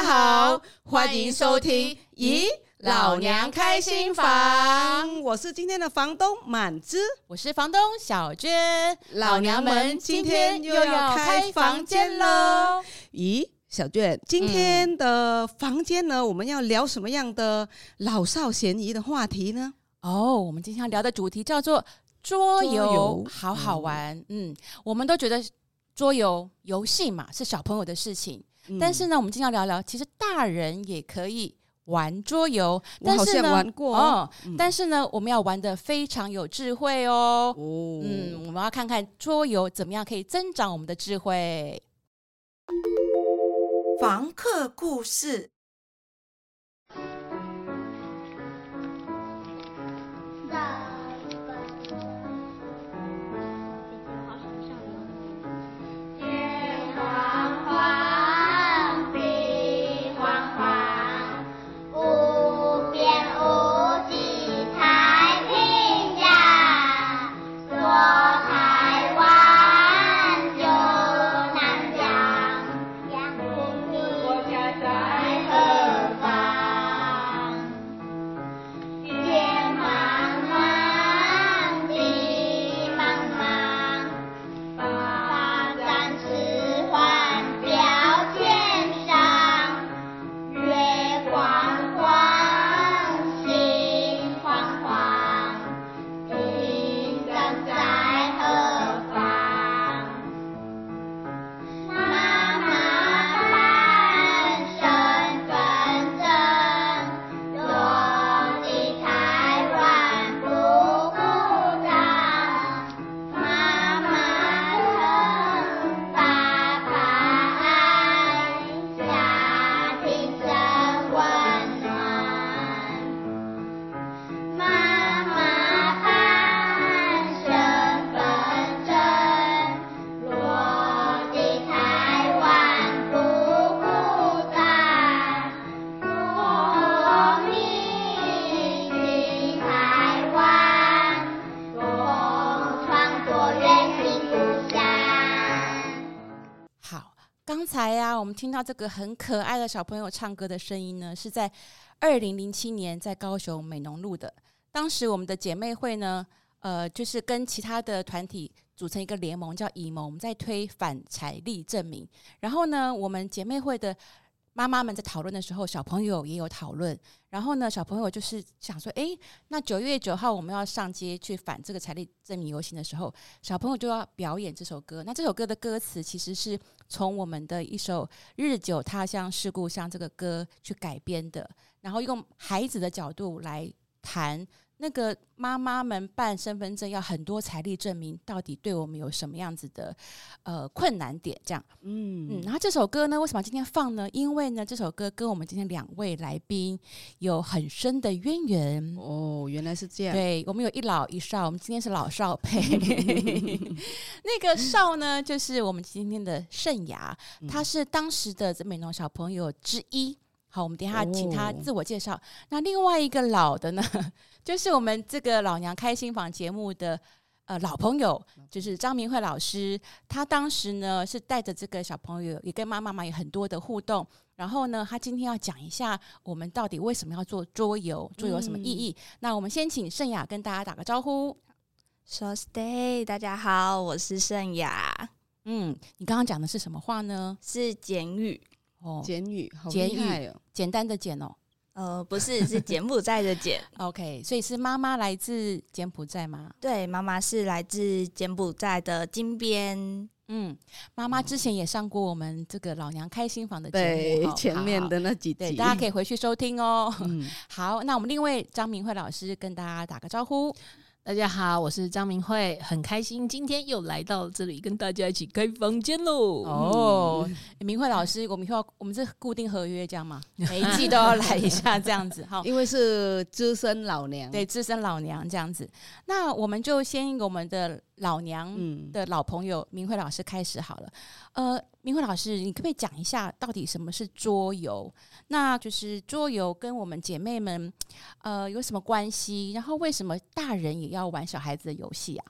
大家好，歡迎收聽《咦老娘開心房》，我是今天的房東滿枝，我是房東小娟，老娘們今天又要開房間了。咦，小娟，今天的房間呢？我們要聊什麼樣的老少咸宜的話題呢？哦，我們今天要聊的主題叫做桌遊，桌遊好好玩。哦、嗯，我們都覺得桌遊遊戲嘛，是小朋友的事情。嗯、但是呢，我們今天要聊聊，其實大人也可以玩桌遊，但是呢，哦，嗯、但是呢，我們要玩得非常有智慧哦，哦嗯，我們要看看桌遊怎麼樣可以增長我們的智慧。房客故事。聽到這個很可愛的小朋友唱歌的聲音呢，是在二零零七年在高雄美濃錄的。當時我們的姐妹會呢，呃，就是跟其他的團體組成一個聯盟，叫“移盟”，我們在推反財力證明。然後呢，我們姐妹會的。媽媽們在討論的時候，小朋友也有討論。然後呢，小朋友就是想說，誒，那九月九號我們要上街去反這個財力證明遊行的時候，小朋友就要表演這首歌。那這首歌的歌詞其實是從我們的一首《日久他鄉是故鄉》這個歌去改編的，然後用孩子的角度來談。那個媽媽們辦身份證要很多財力證明，到底對我們有什麼樣子的呃困難點？這樣，嗯嗯。然後這首歌呢，為什麼今天放呢？因為呢，這首歌跟我們今天兩位來賓有很深的淵源。哦，原來是這樣。對，我們有一老一少，我們今天是老少配。那個少呢，就是我們今天的聖雅，嗯、他是當時的這美濃小朋友之一。好，我們等一下請他自我介紹。哦、那另外一個老的呢，就是我們這個老娘開心房節目的呃老朋友，就是張明慧老師。他當時呢是帶着這個小朋友，也跟媽媽媽有很多的互動，然後呢，他今天要講一下我們到底為什麼要做桌遊，桌遊有什麼意義。嗯、那我們先請聖雅跟大家打個招呼。嗯、so stay，大家好，我是聖雅。嗯，你剛剛講的是什麼話呢？是柬語。哦，柬語好厲害哦。柬語，簡單的柬哦，呃，不是，是柬埔寨的柬。 OK，所以是媽媽來自柬埔寨嗎？對，媽媽是來自柬埔寨的金邊。嗯，媽媽之前也上過我們這個《老娘開心房》的節目，前面的那幾集，對，大家可以回去收聽哦。嗯、好，那我們另一位張明慧老師跟大家打個招呼。大家好，我是張明慧，很開心今天又來到這裡跟大家一起開房間嘍。哦，明慧老師，我們又要，我們是固定合約這樣嘛，每一季都要來一下這樣子哈，因為是資深老娘，對，資深老娘這樣子。那我們就先我們的。老娘的老朋友、嗯、明慧老師開始好了，呃，明慧老師，你可不可以講一下到底什麼是桌遊？那就是桌遊跟我們姐妹們，呃，有什麼關係？然後為什麼大人也要玩小孩子的遊戲啊？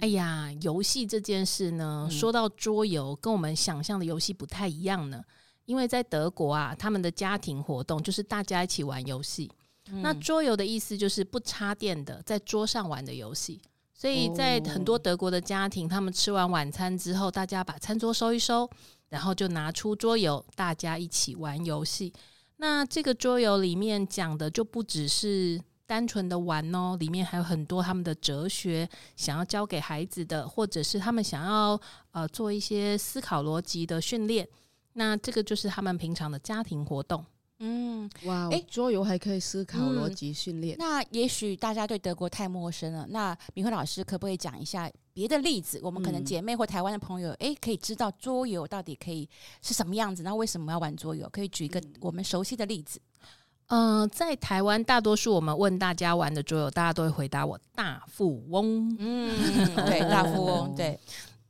哎呀，遊戲這件事呢，嗯、說到桌遊，跟我們想象的遊戲不太一樣呢，因為在德國啊，他們的家庭活動就是大家一起玩遊戲。嗯、那桌遊的意思就是不插電的，在桌上玩的遊戲。所以在很多德國的家庭，他們吃完晚餐之後，大家把餐桌收一收，然後就拿出桌遊，大家一起玩遊戲。那這個桌遊裡面講的就不只是單純的玩哦，裡面還有很多他們的哲學，想要教給孩子的，或者是他們想要呃做一些思考邏輯的訓練。那這個就是他們平常的家庭活動。嗯，哇！哎，桌遊還可以思考邏輯訓練。那也許大家對德國太陌生了。那明慧老師可不可以講一下別的例子？我們可能姐妹、或台灣的朋友，誒、嗯、欸，可以知道桌遊到底可以是什麼樣子？那為什麼要玩桌遊？可以舉一個我們熟悉的例子。嗯、呃，在台灣，大多數我們問大家玩的桌遊，大家都會回答我大富翁。嗯，對，大富翁， 對。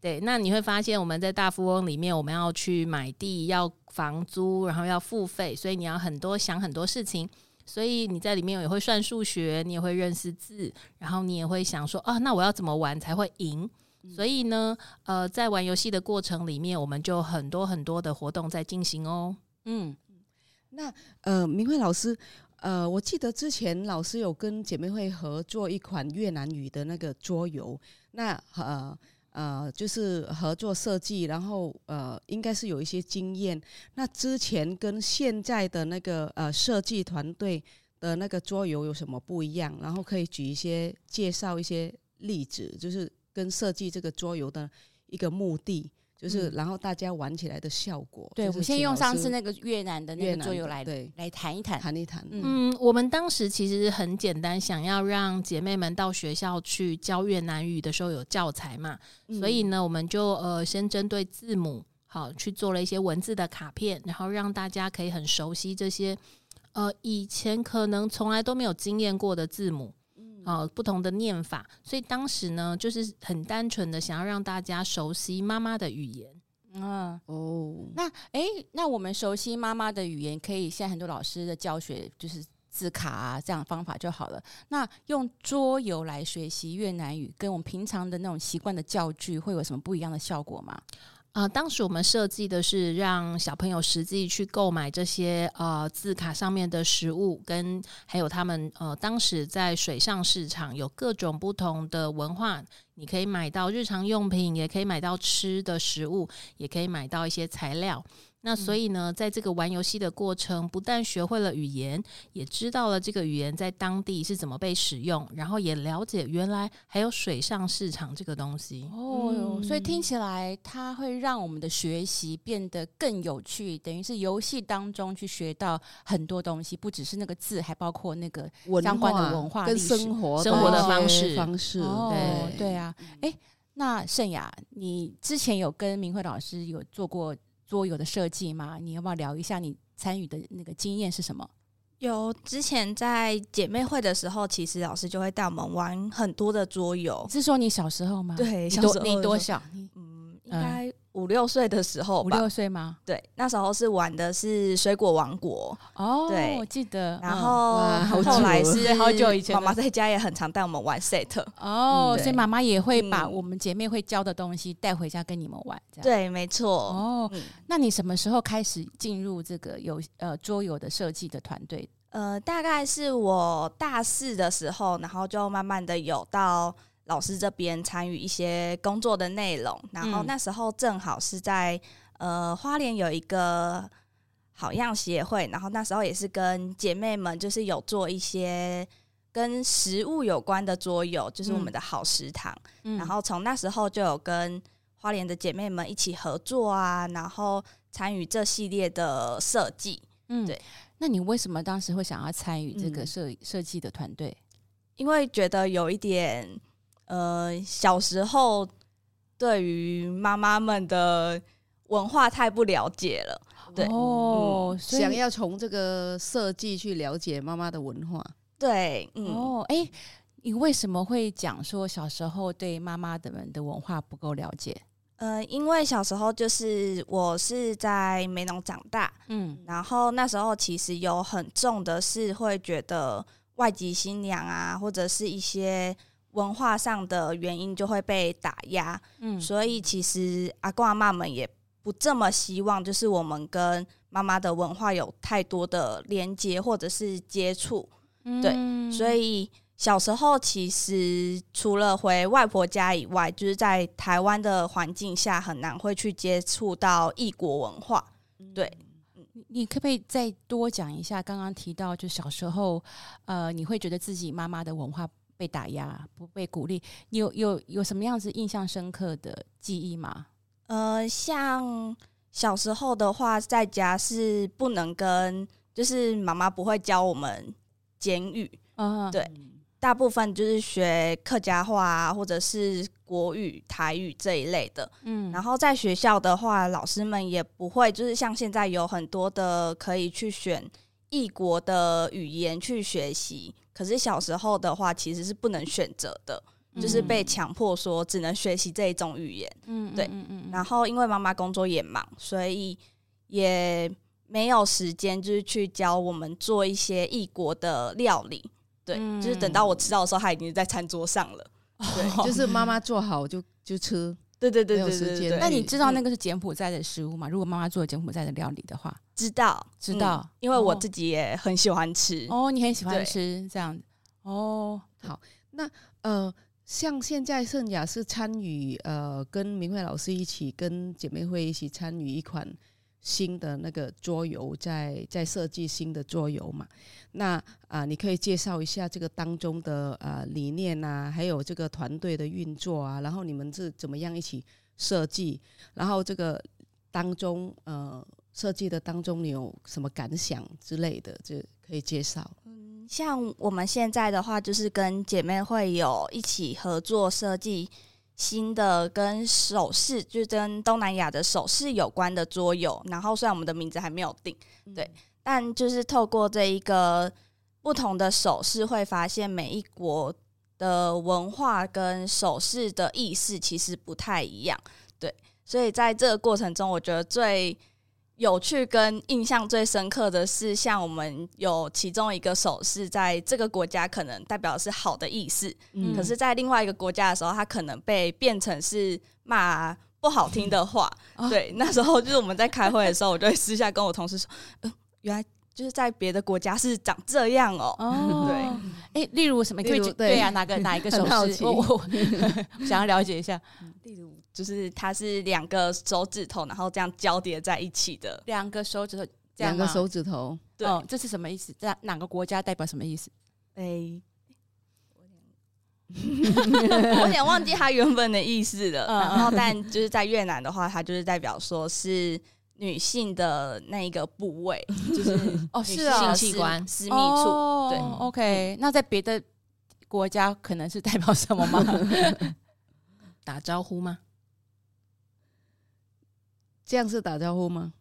對，那你會發現我們在大富翁裡面，我們要去買地，要房租，然後要付費，所以你要很多想很多事情。所以你在裡面也會算數學，你也會認識字，然後你也會想說啊，那我要怎麼玩才會贏？嗯，所以呢，呃，在玩遊戲的過程裡面，我們就很多很多的活動在進行哦。嗯，那呃，明慧老師，呃，我記得之前老師有跟姐妹會合作一款越南語的那個桌遊，那呃。呃，就是合作設計，然後呃，應該是有一些經驗。那之前跟現在的那個呃設計團隊的那個桌遊有什麼不一樣？然後可以舉一些介紹一些例子，就是跟設計這個桌遊的一個目的。就是，然後大家玩起來的效果。嗯。對，我先用上次那個越南的那個作用來對來談一談。談一談。嗯，我們當時其實很簡單，想要讓姐妹們到學校去教越南語的時候有教材嘛，嗯、所以呢，我們就呃先針對字母好去做了一些文字的卡片，然後讓大家可以很熟悉這些呃以前可能從來都沒有經驗過的字母。哦，不同的念法，所以當時呢，就是很單純的想要讓大家熟悉媽媽的語言。嗯，哦，那誒、欸，那我們熟悉媽媽的語言，可以現在很多老師的教學就是字卡啊，這樣方法就好了。那用桌遊來學習越南語，跟我們平常的那種習慣的教具會有什麼不一樣的效果嗎？啊、呃，當時我們設計的是讓小朋友實際去購買這些呃字卡上面的食物，跟還有他們呃當時在水上市場有各種不同的文化，你可以買到日常用品，也可以買到吃的食物，也可以買到一些材料。那所以呢，在這個玩遊戲的過程，不但學會了語言，也知道了這個語言在當地是怎麼被使用，然後也了解原來還有水上市場這個東西。哦呦，嗯、所以聽起來它會讓我們的學習變得更有趣，等於是遊戲當中去學到很多東西，不只是那個字，還包括那個相關的文化，文化跟生活史生活的方式方式。對、哦、對啊，誒，那聖雅，你之前有跟明慧老師有做過？桌遊的設計嗎？你要不要聊一下你參與的那個經驗是什麼？有，之前在姐妹會的時候，其實老師就會帶我們玩很多的桌遊。是說你小時候嗎？對，你多小時候的時候，你多小？嗯，應該。嗯五六歲的時候，五六歲嗎？對，那時候是玩的是水果王國哦，對，我記得。然後、嗯、後來是好久以前，媽媽在家也很常帶我們玩 SET 哦，嗯、所以媽媽也會把我們姐妹會教的東西帶回家跟你們玩這樣。對，沒錯。哦，那你什麼時候開始進入這個遊呃桌遊的設計的團隊？呃，大概是我大四的時候，然後就慢慢的有到。老師這邊參與一些工作的內容，然後那時候正好是在呃花蓮有一個好樣協會，然後那時候也是跟姐妹們就是有做一些跟食物有關的桌遊，就是我們的好食堂，嗯、然後從那時候就有跟花蓮的姐妹們一起合作啊，然後參與這系列的設計，嗯，對嗯。那你為什麼當時會想要參與這個設設計的團隊？因為覺得有一點。呃，小時候對於媽媽們的文化太不了解了，對哦，嗯、所以想要從這個設計去了解媽媽的文化，對，嗯、哦，哎，你為什麼會講說小時候對媽媽們的文化不夠了解？呃，因為小時候就是我是在美濃長大，嗯，然後那時候其實有很重的是會覺得外籍新娘啊，或者是一些。文化上的原因就會被打壓，嗯，所以其實阿公阿嬤們也不這麼希望，就是我們跟媽媽的文化有太多的連接或者是接觸，嗯、對，所以小時候其實除了回外婆家以外，就是在台灣的環境下很難會去接觸到異國文化，嗯、對，你可不可以再多講一下剛剛提到就小時候，呃，你會覺得自己媽媽的文化？被打壓，不被鼓勵。你有有有什麼樣子印象深刻的記憶嗎？呃，像小時候的話，在家是不能跟，就是媽媽不會教我們柬語，uh huh. 對，大部分就是學客家話啊，或者是國語、台語這一類的，嗯。然後在學校的話，老師們也不會，就是像現在有很多的可以去選異國的語言去學習。可是小時候的話，其實是不能選擇的，嗯、就是被強迫說只能學習這一種語言。嗯，對。嗯嗯嗯、然後因為媽媽工作也忙，所以也沒有時間就是去教我們做一些異國的料理。對，嗯、就是等到我吃到的時候，她已經在餐桌上了。對，哦、就是媽媽做好就就吃。對對對，對對對對對對，那你知道那個是柬埔寨的食物嗎？嗯、如果媽媽做柬埔寨的料理的話，知道知道，嗯，因為我自己也很喜歡吃。哦，哦，你很喜歡吃對這樣哦。好，那呃，像現在聖雅是參與呃，跟明慧老師一起，跟姐妹會一起參與一款。新的那個桌遊，在在設計新的桌遊嘛？那啊、呃，你可以介紹一下這個當中的呃理念吶、啊，還有這個團隊的運作啊，然後你們是怎麼樣一起設計？然後這個當中呃設計的當中，你有什麼感想之類的，就可以介紹。嗯，像我們現在的話，就是跟姐妹會有一起合作設計。新的跟手勢，就跟東南亞的手勢有關的桌遊。然後雖然我們的名字還沒有定，對，嗯、但就是透過這一個不同的手勢，會發現每一國的文化跟手勢的意思其實不太一樣，對。所以在這個過程中，我覺得最有趣跟印象最深刻的是，像我們有其中一個手勢，在這個國家可能代表的是好的意思，嗯、可是，在另外一個國家的時候，它可能被變成是罵不好聽的話。哦、對，那時候就是我們在開會的時候，我就會私下跟我同事說、 呃：“原來就是在別的國家是長這樣哦。哦”對，哎，例如什麼？例如對呀對、啊，哪個哪一個手勢？我，我，我想要了解一下。例如。就是它是兩個手指頭，然後這樣交疊在一起的兩個手指，兩個手指頭，指頭對、嗯，這是什麼意思？在哪個國家代表什麼意思？哎，A 我想，有點忘記它原本的意思了。 然後，但就是在越南的話，它就是代表說是女性的那一個部位，就是 哦，是啊、性器官、是私密處。哦、對，OK、嗯。那在別的國家可能是代表什麼嗎？ 打招呼嗎？這樣是打招呼嗎？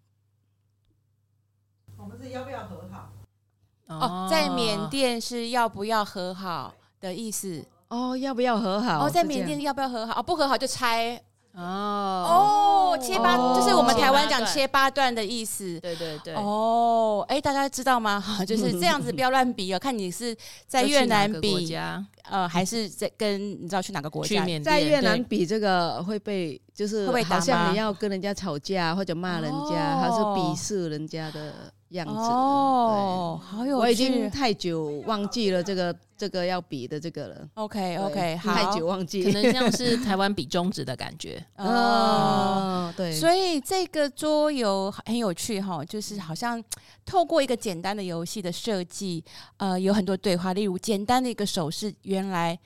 我們是要不要和好？哦，在緬甸是要不要和好的意思？哦，要不要和好？哦，在緬甸要不要和好？哦，不和好就拆。哦哦，哦切八、哦、就是我們台灣講切，切八段的意思。對對對。哦，哎、欸，大家知道嗎？就是這樣子，不要亂比哦。 看你是在越南比，呃，還是在跟你知道去哪個國家？在越南比這個會被，就是會不會好像你要跟人家吵架或者罵人家，還是鄙視人家的？哦樣子哦，好有趣！我已經太久忘記了這個這個要比的這個了。OK OK，好，太久忘記可能像是台灣比中指的感覺。哦，對。所以這個桌遊很有趣哈，就是好像透過一個簡單的遊戲的設計，呃，有很多對話，例如簡單的一個手勢，原來，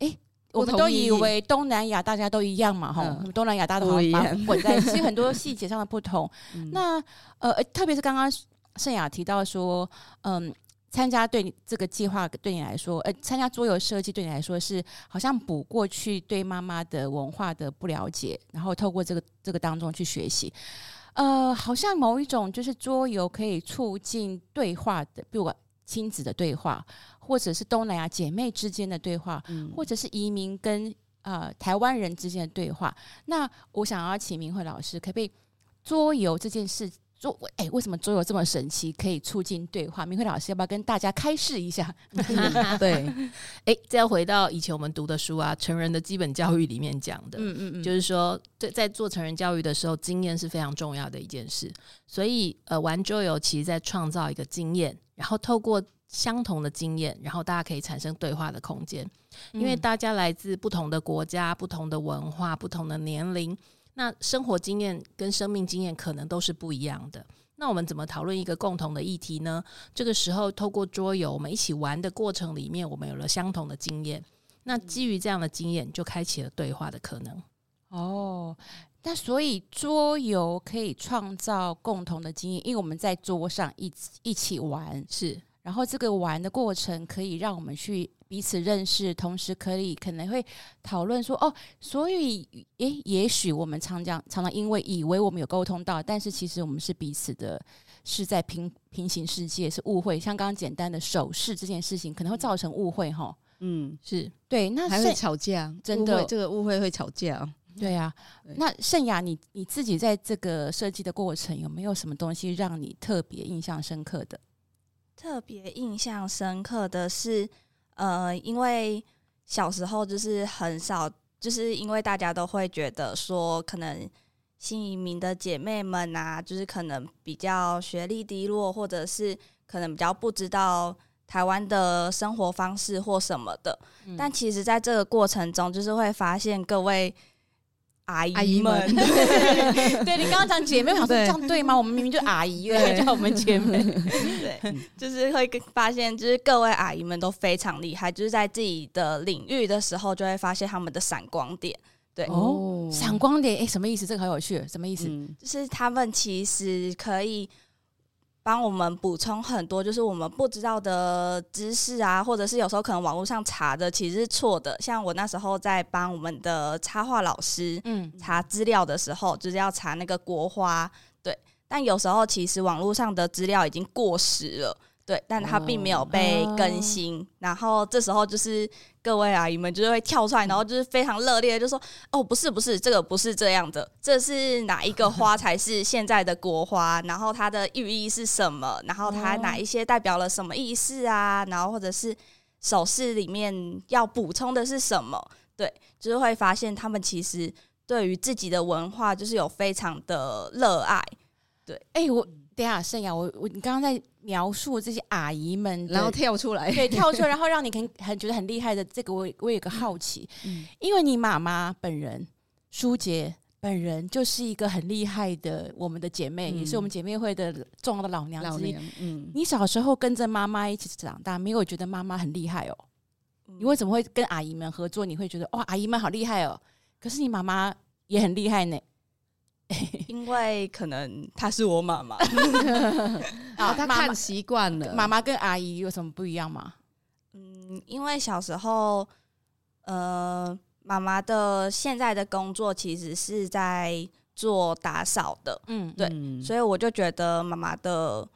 欸，我們都以為東南亞大家都一樣嘛，哈，東南亞大家都一樣混在一起，很多細節上的不同。那呃，特別是剛剛。聖雅提到說：“嗯，參加對你這個計劃，對你來說，呃，參加桌遊設計對你來說是好像補過去對媽媽的文化的不了解，然後透過這個這個當中去學習。呃，好像某一種就是桌遊可以促進對話的，比如親子的對話，或者是東南亞姐妹之間的對話，嗯、或者是移民跟呃台灣人之間的對話。那我想要請明慧老師，可不可以桌遊這件事？”說，誒、欸，為什麼桌遊這麼神奇，可以促進對話？明慧老師，要不要跟大家開示一下？ 嗯、對，誒、欸，這要回到以前我們讀的書啊，《成人的基本教育》裡面講的，嗯嗯，嗯嗯就是說，在在做成人教育的時候，經驗是非常重要的一件事。所以，呃，玩桌遊其實在創造一個經驗，然後透過相同的經驗，然後大家可以產生對話的空間，嗯、因為大家來自不同的國家、不同的文化、不同的年齡。那生活經驗跟生命經驗可能都是不一樣的。那我們怎麼討論一個共同的議題呢？這個時候透過桌遊，我們一起玩的過程裡面，我們有了相同的經驗。那基於這樣的經驗，就開啟了對話的可能。哦，那所以桌遊可以創造共同的經驗，因為我們在桌上一起一起玩，是，然後這個玩的過程可以讓我們去。彼此認識，同時可以可能會討論說哦，所以也也許我們常常常常因為以為我們有溝通到，但是其實我們是彼此的，是在平平行世界，是誤會。像剛剛簡單的手勢這件事情，可能會造成誤會吼。哦、嗯，是對，那是還會吵架，真的這個誤會會吵架。對啊，對，那聖雅你，你你自己在這個設計的過程有沒有什麼東西讓你特別印象深刻的？特別印象深刻的是。呃，因為小時候就是很少，就是因為大家都會覺得說，可能新移民的姐妹們啊，就是可能比較學歷低落，或者是可能比較不知道台灣的生活方式或什麼的。嗯、但其實在這個過程中，就是會發現各位。阿姨，阿姨們，對， 對你剛剛講姐妹，我想這樣對，對嗎？我們明明就阿姨，為什麼叫對我們姐妹？對，嗯、就是會發現，就是各位阿姨們都非常厲害，就是在自己的領域的時候，就會發現他們的閃光點。對哦，閃光點，哎，什麼意思？這個很有趣，什麼意思？嗯、就是他們其實可以。幫我們補充很多，就是我們不知道的知識啊，或者是有時候可能網絡上查的其實是錯的。像我那時候在幫我們的插畫老師，查資料的時候，嗯，就是要查那個國花，對。但有時候其實網絡上的資料已經過時了。對，但它並沒有被更新。哦哦、然後這時候就是各位阿姨們就會跳出來，然後就是非常熱烈的就說：“哦，不是，不是，這個不是這樣的。這是哪一個花才是現在的國花？呵呵然後它的寓意是什麼？然後它哪一些代表了什麼意思啊？哦、然後或者是首飾裡面要補充的是什麼？對，就是會發現他們其實對於自己的文化就是有非常的熱愛。對，哎、欸，我等一下，聖雅啊，我我你剛剛在。描述這些阿姨們，然後跳出來，對，跳出來， 然後讓你很很覺得很厲害的。這個我我有個好奇，嗯、因為你媽媽本人，舒潔本人就是一個很厲害的，我們的姐妹，嗯、也是我們姐妹會的重要的老娘之一，嗯，你小時候跟着媽媽一起長大，沒有覺得媽媽很厲害哦？嗯、你為什麼會跟阿姨們合作？你會覺得哇、哦，阿姨們好厲害哦？可是你媽媽也很厲害呢。因為可能她是我媽媽，然後她看習慣了。媽媽跟阿姨有什麼不一樣嗎？嗯，因為小時候，呃，媽媽的現在的工作其實是在做打掃的。嗯，對，嗯，所以我就覺得媽媽的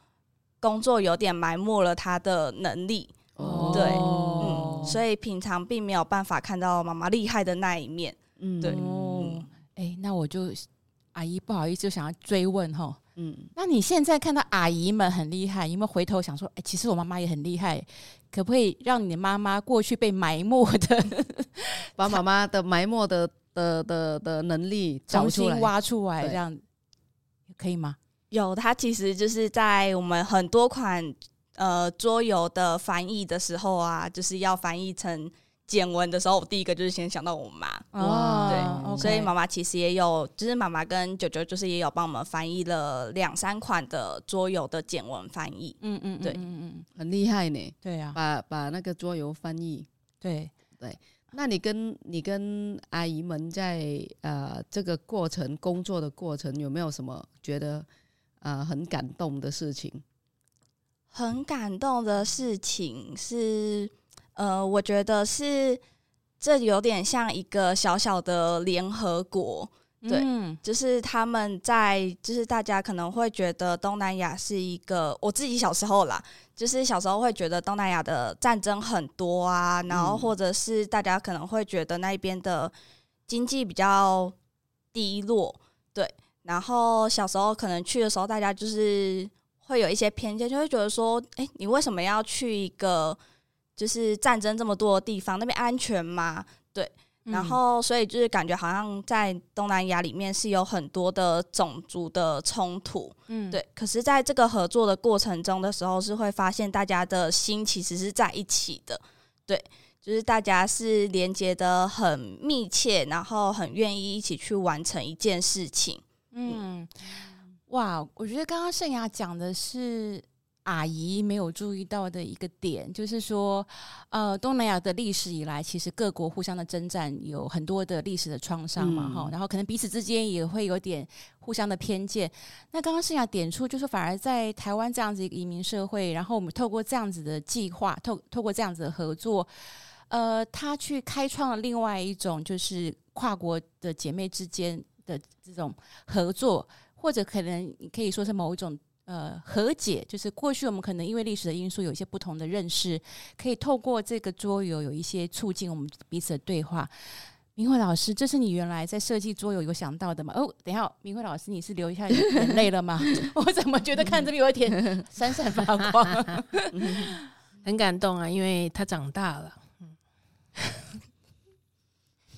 工作有點埋沒了她的能力。哦，對，嗯，所以平常並沒有辦法看到媽媽厲害的那一面。嗯，對，哦，嗯，哎，那我就。阿姨不好意思，就想要追問哈，吼嗯，那你現在看到阿姨們很厲害，你有沒有回頭想說，哎、欸，其實我媽媽也很厲害，可不可以讓你媽媽過去被埋沒的，把媽媽的 埋沒的的的的能力找出來、重新挖出來，這樣對可以嗎？有，它其實就是在我們很多款呃桌遊的翻譯的時候啊，就是要翻譯成。簡文的時候，我第一個就是先想到我媽。哇，對，嗯 okay，所以媽媽其實也有，就是媽媽跟九九就是也有幫我們翻譯了兩三款的桌遊的簡文翻譯，嗯。嗯嗯嗯，對，嗯嗯，很厲害呢。對呀，把把那個桌遊翻譯。對對，那你跟你跟阿姨們在呃這個過程工作的過程，有沒有什麼覺得呃很感動的事情？很感動的事情是。呃，我覺得是，這有點像一個小小的聯合國，對，嗯、就是他們在，就是大家可能會覺得東南亞是一個，我自己小時候啦，就是小時候會覺得東南亞的戰爭很多啊，然後或者是大家可能會覺得那邊的經濟比較低落，對，然後小時候可能去的時候，大家就是會有一些偏見，就會覺得說，誒、欸，你為什麼要去一個？就是戰爭這麼多的地方，那邊安全嗎？對，然後所以就是感覺好像在東南亞裡面是有很多的種族的衝突，嗯，對。可是在這個合作的過程中的時候，是會發現大家的心其實是在一起的，對，就是大家是連接得很密切，然後很願意一起去完成一件事情。嗯，嗯，哇，我覺得剛剛聖雅講的是。阿姨沒有注意到的一個點，就是說，呃，東南亞的歷史以來，其實各國互相的征戰有很多的歷史的創傷嘛，哈、嗯，然後可能彼此之間也會有點互相的偏見。那剛剛聖雅點出，就是反而在台灣這樣子一個移民社會，然後我們透過這樣子的計劃，透透過這樣子的合作，呃，他去開創了另外一種，就是跨國的姐妹之間的這種合作，或者可能可以說是某一種。呃，和解就是過去我們可能因為歷史的因素有一些不同的認識，可以透過這個桌遊有一些促進我們彼此的對話。明慧老師，這是你原來在設計桌遊有想到的嗎？哦，等一下，明慧老師，你是流一下眼淚了嗎？ 我怎麼覺得看這邊有一點閃閃發光， 很感動啊，因為他長大了，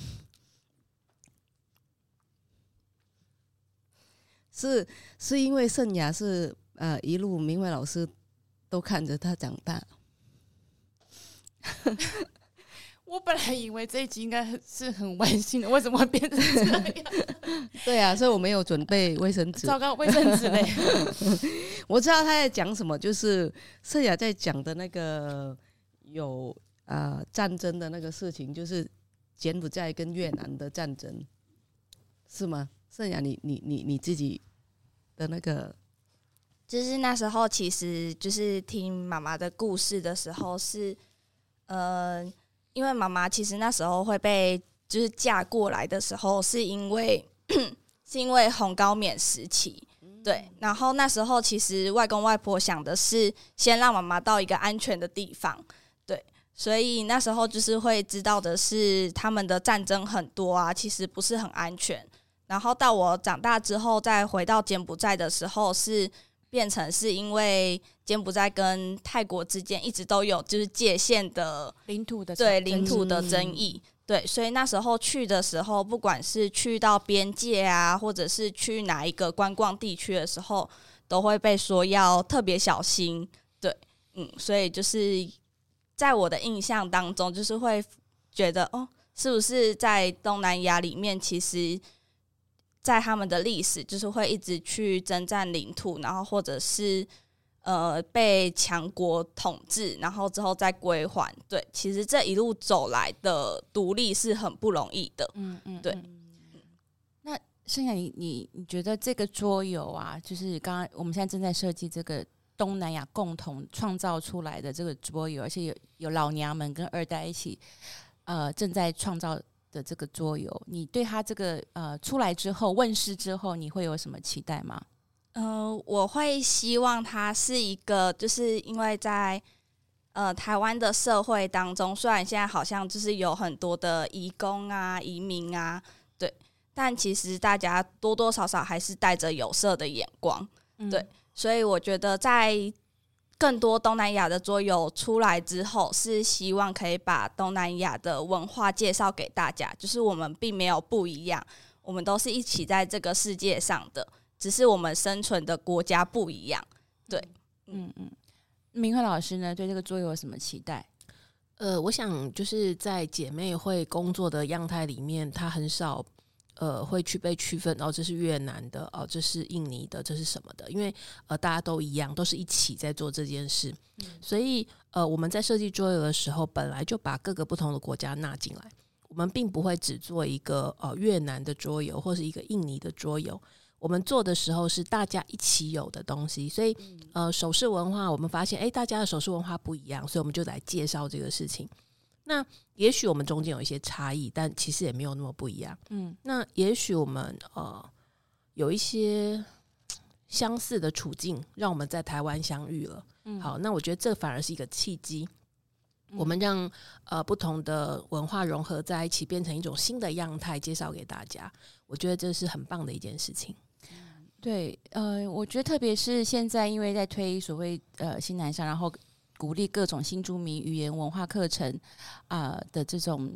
是是因為聖雅是。呃，一路明慧老師都看着他長大。 我本來以為這一集應該是很溫馨的，為什麼會變成這樣？ 對啊，所以我沒有準備衛生紙、呃。糟糕，衛生紙嘞！ 我知道他在講什麼，就是聖雅在講的那個有啊、呃、戰爭的那個事情，就是柬埔寨跟越南的戰爭，是嗎？聖雅你，你你你，你自己的那個。就是那時候，其實就是聽媽媽的故事的時候，是，嗯，因為媽媽其實那時候會被就是嫁過來的時候，是因為是因為紅高棉時期，對。然後那時候其實外公外婆想的是先讓媽媽到一個安全的地方，對。所以那時候就是會知道的是他們的戰爭很多啊，其實不是很安全。然後到我長大之後再回到柬埔寨的時候是。變成是因為柬埔寨跟泰國之間一直都有就是界限的領土的對領土的爭議，對，所以那時候去的時候，不管是去到邊界啊，或者是去哪一個觀光地區的時候，都會被說要特別小心。對，嗯，所以就是在我的印象當中，就是會覺得哦，是不是在東南亞裡面其實。在他們的歷史，就是會一直去征戰領土，然後或者是呃被強國統治，然後之後再歸還。對，其實這一路走來的獨立是很不容易的。嗯嗯，對。嗯、那聖雅，你你你覺得這個桌遊啊，就是剛剛我們現在正在設計這個東南亞共同創造出來的這個桌遊，而且有有老娘們跟二代一起，呃，正在創造。的這個桌遊，你對他這個呃出來之後問世之後，你會有什麼期待嗎？呃，我會希望它是一個，就是因為在呃台灣的社會當中，雖然現在好像就是有很多的移工啊、移民啊，對，但其實大家多多少少還是帶着有色的眼光，嗯、對，所以我覺得在。更多東南亞的桌遊出來之後，是希望可以把東南亞的文化介紹給大家。就是我們並沒有不一樣，我們都是一起在這個世界上的，只是我們生存的國家不一樣。對，嗯嗯，嗯嗯，明慧老師呢，對這個桌遊有什麼期待？呃，我想就是在姐妹會工作的樣態裡面，她很少。呃，會去被區分哦，這是越南的，哦，這是印尼的，這是什麼的？因為呃，大家都一樣，都是一起在做這件事，嗯、所以呃，我們在設計桌遊的時候，本來就把各個不同的國家納進來，我們並不會只做一個呃越南的桌遊，或是一個印尼的桌遊，我們做的時候是大家一起有的東西，所以、嗯、呃，首飾文化，我們發現哎、欸，大家的首飾文化不一樣，所以我們就來介紹這個事情。那也許我們中間有一些差異，但其實也沒有那麼不一樣。嗯，那也許我們呃有一些相似的處境，讓我們在台灣相遇了。嗯，好，那我覺得這反而是一個契機，嗯、我們讓呃不同的文化融合在一起，變成一種新的樣態，介紹給大家。我覺得這是很棒的一件事情。對，呃，我覺得特別是現在，因為在推所謂呃新南向，然後。鼓勵各種新住民語言文化課程，啊、呃、的這種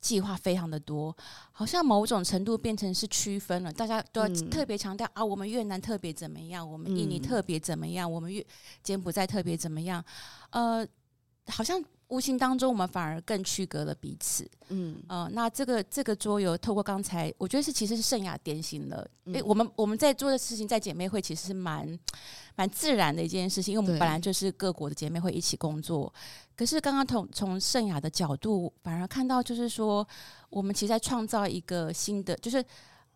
計劃非常的多，好像某種程度變成是區分了，大家都要特別強調、嗯、啊，我們越南特別怎麼樣，我們印尼特別怎麼樣，嗯、我們越柬埔寨特別怎麼樣，呃，好像無形當中我們反而更區隔了彼此。嗯，呃，那這個這個桌遊，透過剛才，我覺得是其實是聖雅點醒了，哎、嗯，我們我們在做的事情，在姐妹會其實是蠻。蠻自然的一件事情，因為我們本來就是各國的姐妹會一起工作。對可是剛剛從從聖雅的角度，反而看到就是說，我們其實在創造一個新的，就是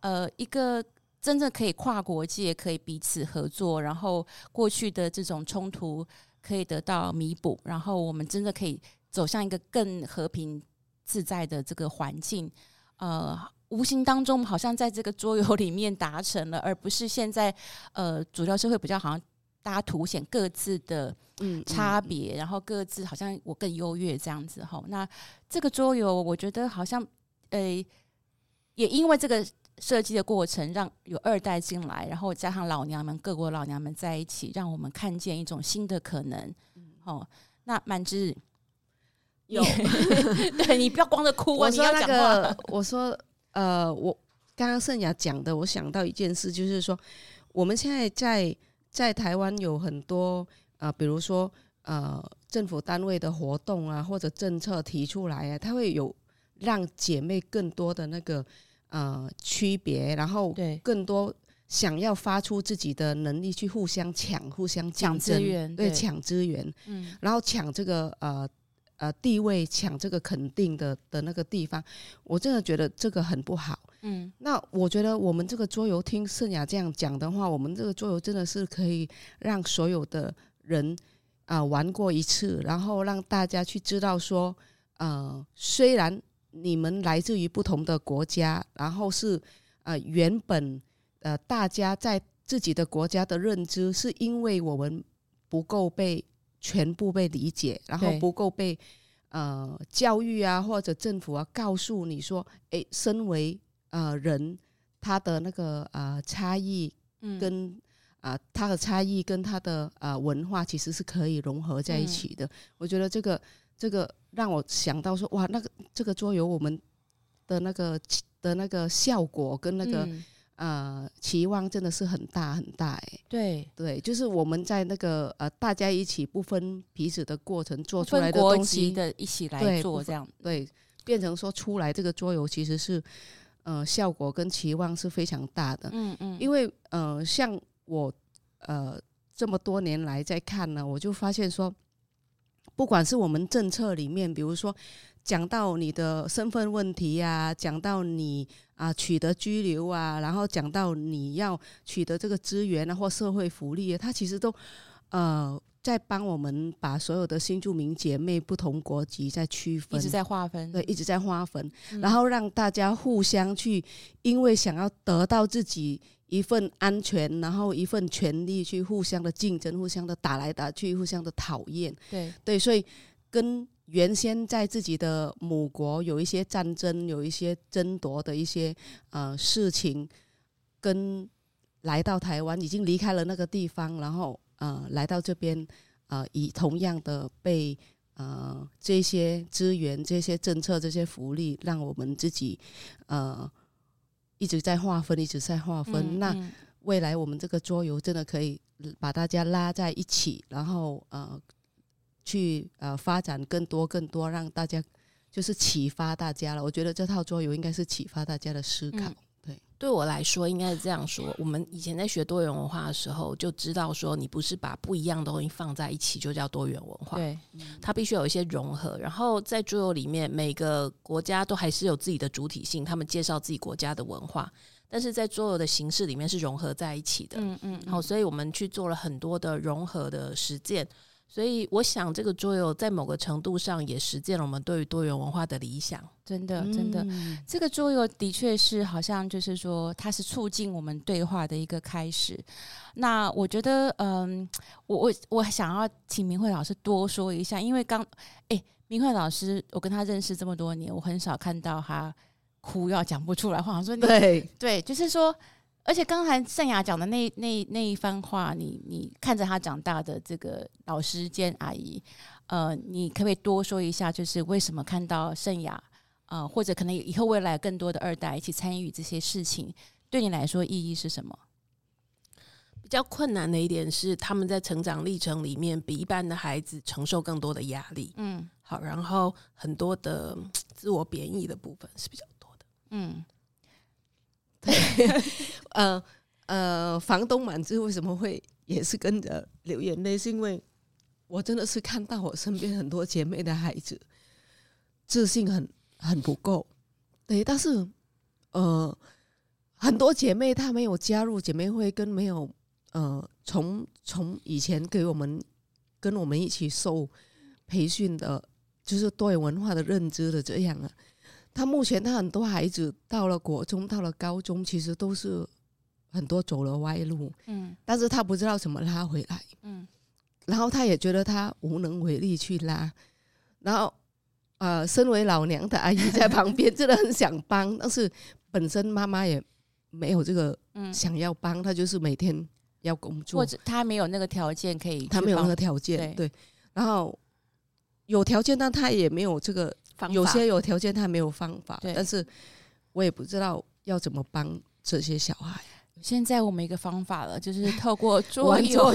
呃，一個真正可以跨國界、可以彼此合作，然後過去的這種衝突可以得到彌補，嗯、然後我們真的可以走向一個更和平、自在的這個環境，呃。無形當中，好像在這個桌遊裡面達成了，而不是現在，呃，主要是會比較好像，大家凸顯各自的嗯差別，嗯嗯、然後各自好像我更優越這樣子哈、哦。那這個桌遊，我覺得好像，誒，也因為這個設計的過程，讓有二代進來，然後加上老娘們各國老娘們在一起，讓我們看見一種新的可能。嗯、哦，那滿之有， 對，你不要光着哭，我說那個，我說。呃，我剛剛聖雅講的，我想到一件事，就是說，我們現在在在台灣有很多啊、呃，比如說呃，政府單位的活動啊，或者政策提出來啊，它會有讓姐妹更多的那個呃區別，然後更多想要發出自己的能力去互相搶、互相搶資源，對，對搶資源，嗯，然後搶這個呃。呃，地位搶這個肯定的的那個地方，我真的覺得這個很不好。嗯，那我覺得我們這個桌遊聽聖雅這樣講的話，我們這個桌遊真的是可以讓所有的人啊、呃、玩過一次，然後讓大家去知道說，呃，雖然你們來自於不同的國家，然後是呃原本呃大家在自己的國家的認知，是因為我們不夠被。全部被理解，然後不夠被對呃，教育啊，或者政府啊，告訴你說，哎，身為呃人，他的那個呃差異跟跟啊、嗯、他的差異跟他的呃文化，其實是可以融合在一起的。嗯、我覺得這個這個讓我想到說，哇，那個這個桌遊我們的那個的那個效果跟那個。嗯呃，期望真的是很大很大，哎、欸對，對對，就是我們在那個呃，大家一起不分彼此的過程做出來的東西的一起來做這樣，對，對，變成說出來這個桌遊其實是，呃，效果跟期望是非常大的，嗯嗯，因為呃，像我呃這麼多年來在看呢，我就發現說，不管是我們政策裡面，比如說。講到你的身份問題呀、啊，講到你啊取得居留啊，然後講到你要取得這個資源啊或社會福利，啊，他其實都呃在幫我們把所有的新住民姐妹不同國籍在區分，一直在劃分，對，一直在劃分，嗯、然後讓大家互相去，因為想要得到自己一份安全，然後一份權利，去互相的競爭，互相的打來打去，互相的討厭，對對，所以跟。原先在自己的母國有一些戰爭，有一些爭奪的一些呃事情，跟來到台灣已經離開了那個地方，然後呃來到這邊，呃以同樣的被呃這些資源、這些政策、這些福利，讓我們自己呃一直在劃分，一直在劃分。嗯、那未來我們這個桌遊真的可以把大家拉在一起，然後呃。去呃發展更多更多，讓大家就是啟發大家了。我覺得這套桌遊應該是啟發大家的思考。嗯、對，對我來說應該是這樣說。我們以前在學多元文化的時候，就知道說你不是把不一樣的東西放在一起就叫多元文化。對，嗯、它必須有一些融合。然後在桌遊裡面，每個國家都還是有自己的主體性，他們介紹自己國家的文化，但是在桌遊的形式裡面是融合在一起的。嗯，嗯嗯。好，所以我們去做了很多的融合的實踐。所以，我想這個桌遊在某個程度上也實踐了我們對於多元文化的理想，真的，真的。嗯、這個桌遊的確是好像就是說，它是促進我們對話的一個開始。那我覺得，嗯、呃，我我我想要請明慧老師多說一下，因為剛，誒、欸，明慧老師，我跟他認識這麼多年，我很少看到他哭要講不出來話，說你，對對，就是說。而且剛才聖雅講的那那那一番話，你你看着他長大的這個老師兼阿姨，呃，你可不可以多說一下，就是為什麼看到聖雅，呃，或者可能以後未來更多的二代一起參與這些事情，對你來說意義是什麼？比較困難的一點是，他們在成長歷程裡面比一般的孩子承受更多的壓力。嗯，好，然後很多的自我貶義的部分是比較多的。嗯。 對，呃呃，房東滿之為什麼會也是跟着流眼淚？是因為我真的是看到我身邊很多姐妹的孩子自信很很不夠， 對，但是呃，很多姐妹她沒有加入姐妹會，跟沒有呃，從從以前給我們跟我們一起受培訓的，就是多元文化的認知的這樣啊。他目前，他很多孩子到了國中，到了高中，其實都是很多走了歪路。嗯、但是他不知道怎麼拉回來，嗯、然後他也覺得他無能為力去拉，然後，呃，身為老娘的阿姨在旁邊 真的很想幫，但是本身媽媽也沒有這個，想要幫、嗯、他，就是每天要工作，或者他沒有那個條件可以，他沒有那個條件，對，對，然後有條件，但他也沒有這個。有些有條件，他沒有方法，對但是我也不知道要怎麼幫這些小孩。現在我們一個方法了，就是透過桌遊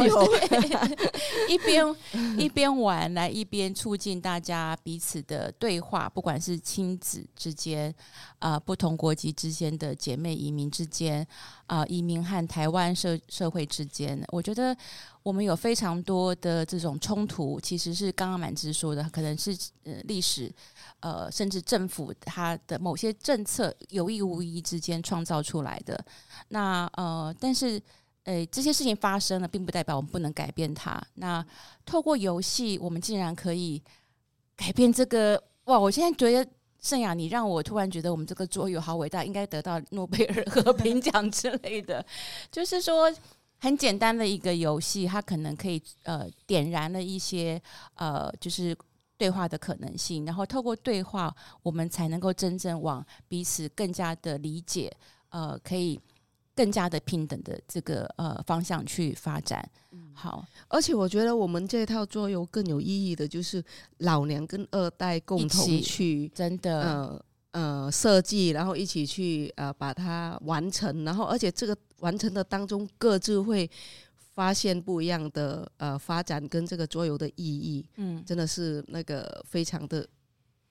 一邊一邊玩來一邊促進大家彼此的對話，不管是親子之間啊、呃，不同國籍之間的姐妹移民之間啊、呃，移民和台灣社社會之間，我覺得。我們有非常多的這種衝突，其實是剛剛蠻枝說的，可能是呃歷史，呃甚至政府它的某些政策有意無意之間創造出來的。那呃，但是誒、呃，這些事情發生了，並不代表我們不能改變它。那透過遊戲，我們竟然可以改變這個哇！我現在覺得聖雅，你讓我突然覺得我們這個桌遊好偉大，應該得到諾貝爾和平獎之類的。 就是說。很簡單的一個遊戲，它可能可以呃點燃了一些呃就是對話的可能性，然後透過對話，我們才能夠真正往彼此更加的理解，呃，可以更加的平等的這個呃方向去發展。好，而且我覺得我們這套桌遊更有意義的，就是老年跟二代共同去一起真的呃，呃設計，然後一起去呃把它完成，然後而且這個。完成的當中，各自會發現不一樣的呃發展跟這個桌遊的意義，嗯，真的是那個非常的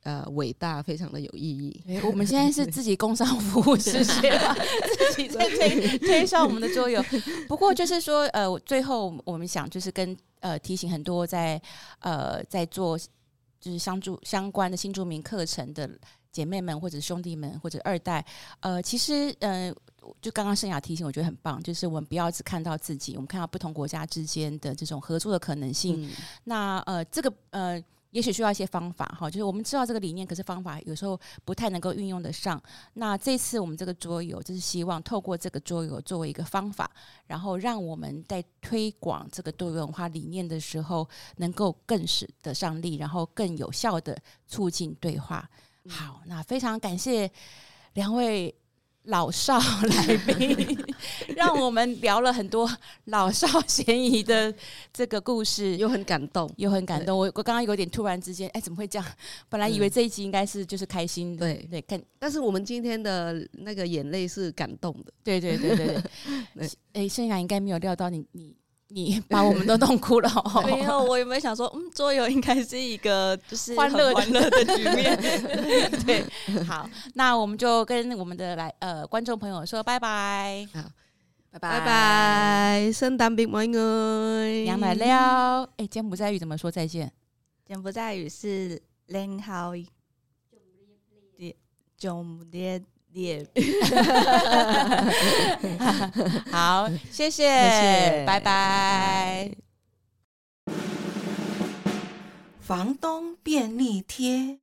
呃偉大，非常的有意義。欸欸欸、我們現在是自己工商服務實習嘛，自己在推推上我們的桌遊。不過就是說，呃，最後我們想就是跟呃提醒很多在呃在做就是相助相關的新住民課程的。姐妹們，或者兄弟們，或者二代，呃，其實，嗯、呃，就剛剛聖雅提醒，我覺得很棒，就是我們不要只看到自己，我們看到不同國家之間的這種合作的可能性。嗯、那，呃，這個，呃，也許需要一些方法哈，就是我們知道這個理念，可是方法有時候不太能夠運用得上。那這次我們這個桌遊，就是希望透過這個桌遊作為一個方法，然後讓我們在推廣這個多元文化理念的時候，能夠更使得上力，然後更有效地促進對話。好，那非常感謝兩位老少來賓，讓我們聊了很多老少咸宜的這個故事，又很感動，又很感動。對我我剛剛有點突然之間，哎、欸，怎麼會這樣？本來以為這一集應該是就是開心的，對、嗯、對，感。看但是我們今天的那個眼淚是感動的，對對對對對。哎 對、欸，聖雅應該沒有料到你你。你把我們都弄哭了、哦， 沒有？我有沒有想說，嗯，桌遊應該是一個就是歡樂的局面， 對。好，那我們就跟我們的來呃觀眾朋友說拜拜，好，拜拜拜，聖誕兵妹，我楊百了。哎，柬埔寨語怎麼說再見？柬埔寨語是連好一的九點。Yeah. 好，謝謝，拜拜 Thank you. bye。房東便利貼。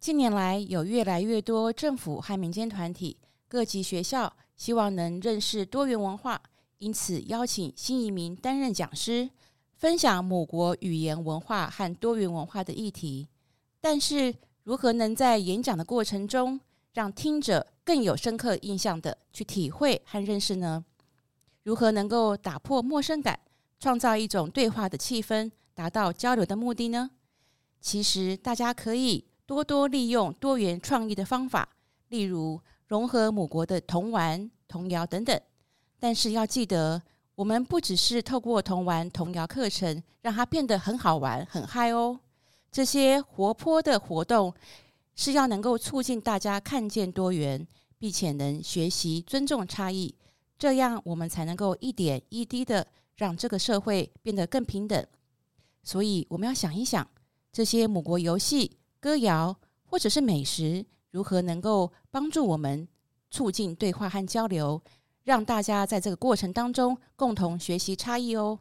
近年來，有越來越多政府和民間團體、各級學校，希望能認識多元文化，因此邀請新移民擔任講師，分享母國語言文化和多元文化的議題。但是，如何能在演講的過程中，讓聽者更有深刻印象的去體會和認識呢？如何能夠打破陌生感，創造一種對話的氣氛，達到交流的目的呢？其實大家可以多多利用多元創意的方法，例如融合母國的童玩、童謠等等。但是要記得，我們不只是透過童玩、童謠課程讓它變得很好玩、很嗨哦。這些活潑的活動是要能夠促進大家看見多元，並且能學習尊重差異，這樣我們才能夠一點一滴的讓這個社會變得更平等。所以我們要想一想，這些母國遊戲、歌謠或者是美食，如何能夠幫助我們促進對話和交流，讓大家在這個過程當中共同學習差異哦。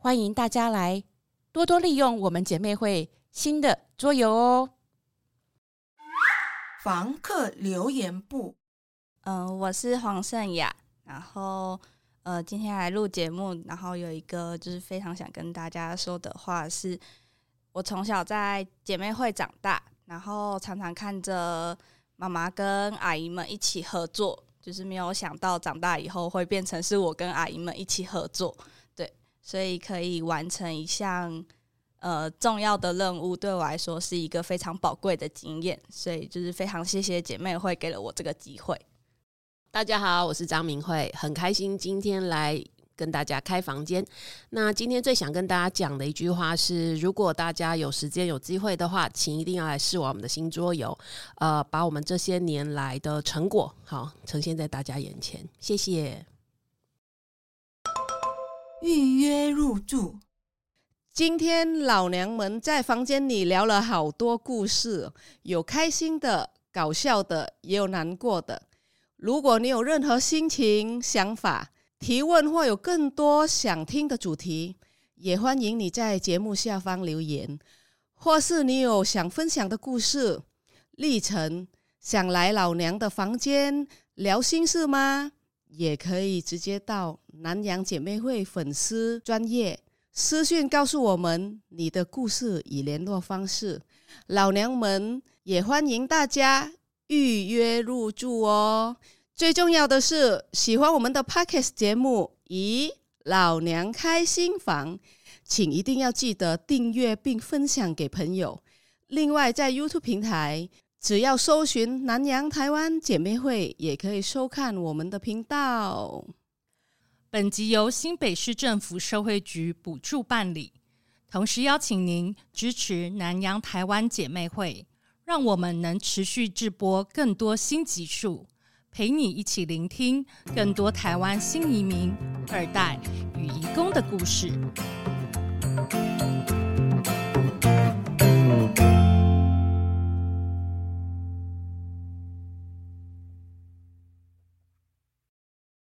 歡迎大家來多多利用我們姐妹會新的桌遊哦。房客留言簿。嗯、呃，我是黃聖雅，然後呃，今天來錄節目，然後有一個就是非常想跟大家說的話是，我從小在姐妹會長大，然後常常看着媽媽跟阿姨們一起合作，就是沒有想到長大以後會變成是我跟阿姨們一起合作，對，所以可以完成一項。呃，重要的任務對我來說是一個非常寶貴的經驗，所以就是非常謝謝姐妹會給了我這個機會。大家好，我是張明慧，很開心今天來跟大家開房間。那今天最想跟大家講的一句話是：如果大家有時間有機會的話，請一定要來試玩我們的新桌遊，呃，把我們這些年來的成果好呈現在大家眼前。謝謝。預約入住。今天老娘們在房間裡聊了好多故事，有開心的、搞笑的，也有難過的。如果你有任何心情、想法、提問，或有更多想聽的主題，也歡迎你在節目下方留言，或是你有想分享的故事、歷程，想來老娘的房間聊心事嗎？也可以直接到南洋姐妹會粉絲專頁，私訊告訴我們你的故事與聯絡方式，老娘們也歡迎大家預約入住哦。最重要的是，喜歡我們的 Podcast 節目，以老娘開心房，請一定要記得訂閱並分享給朋友。另外，在 YouTube 平台，只要搜尋“南洋台灣姐妹會”，也可以收看我們的頻道。本集由新北市政府社會局補助辦理，同時邀請您支持南洋台灣姐妹會，讓我們能持續製播更多新集數，陪你一起聆聽更多台灣新移民二代與移工的故事。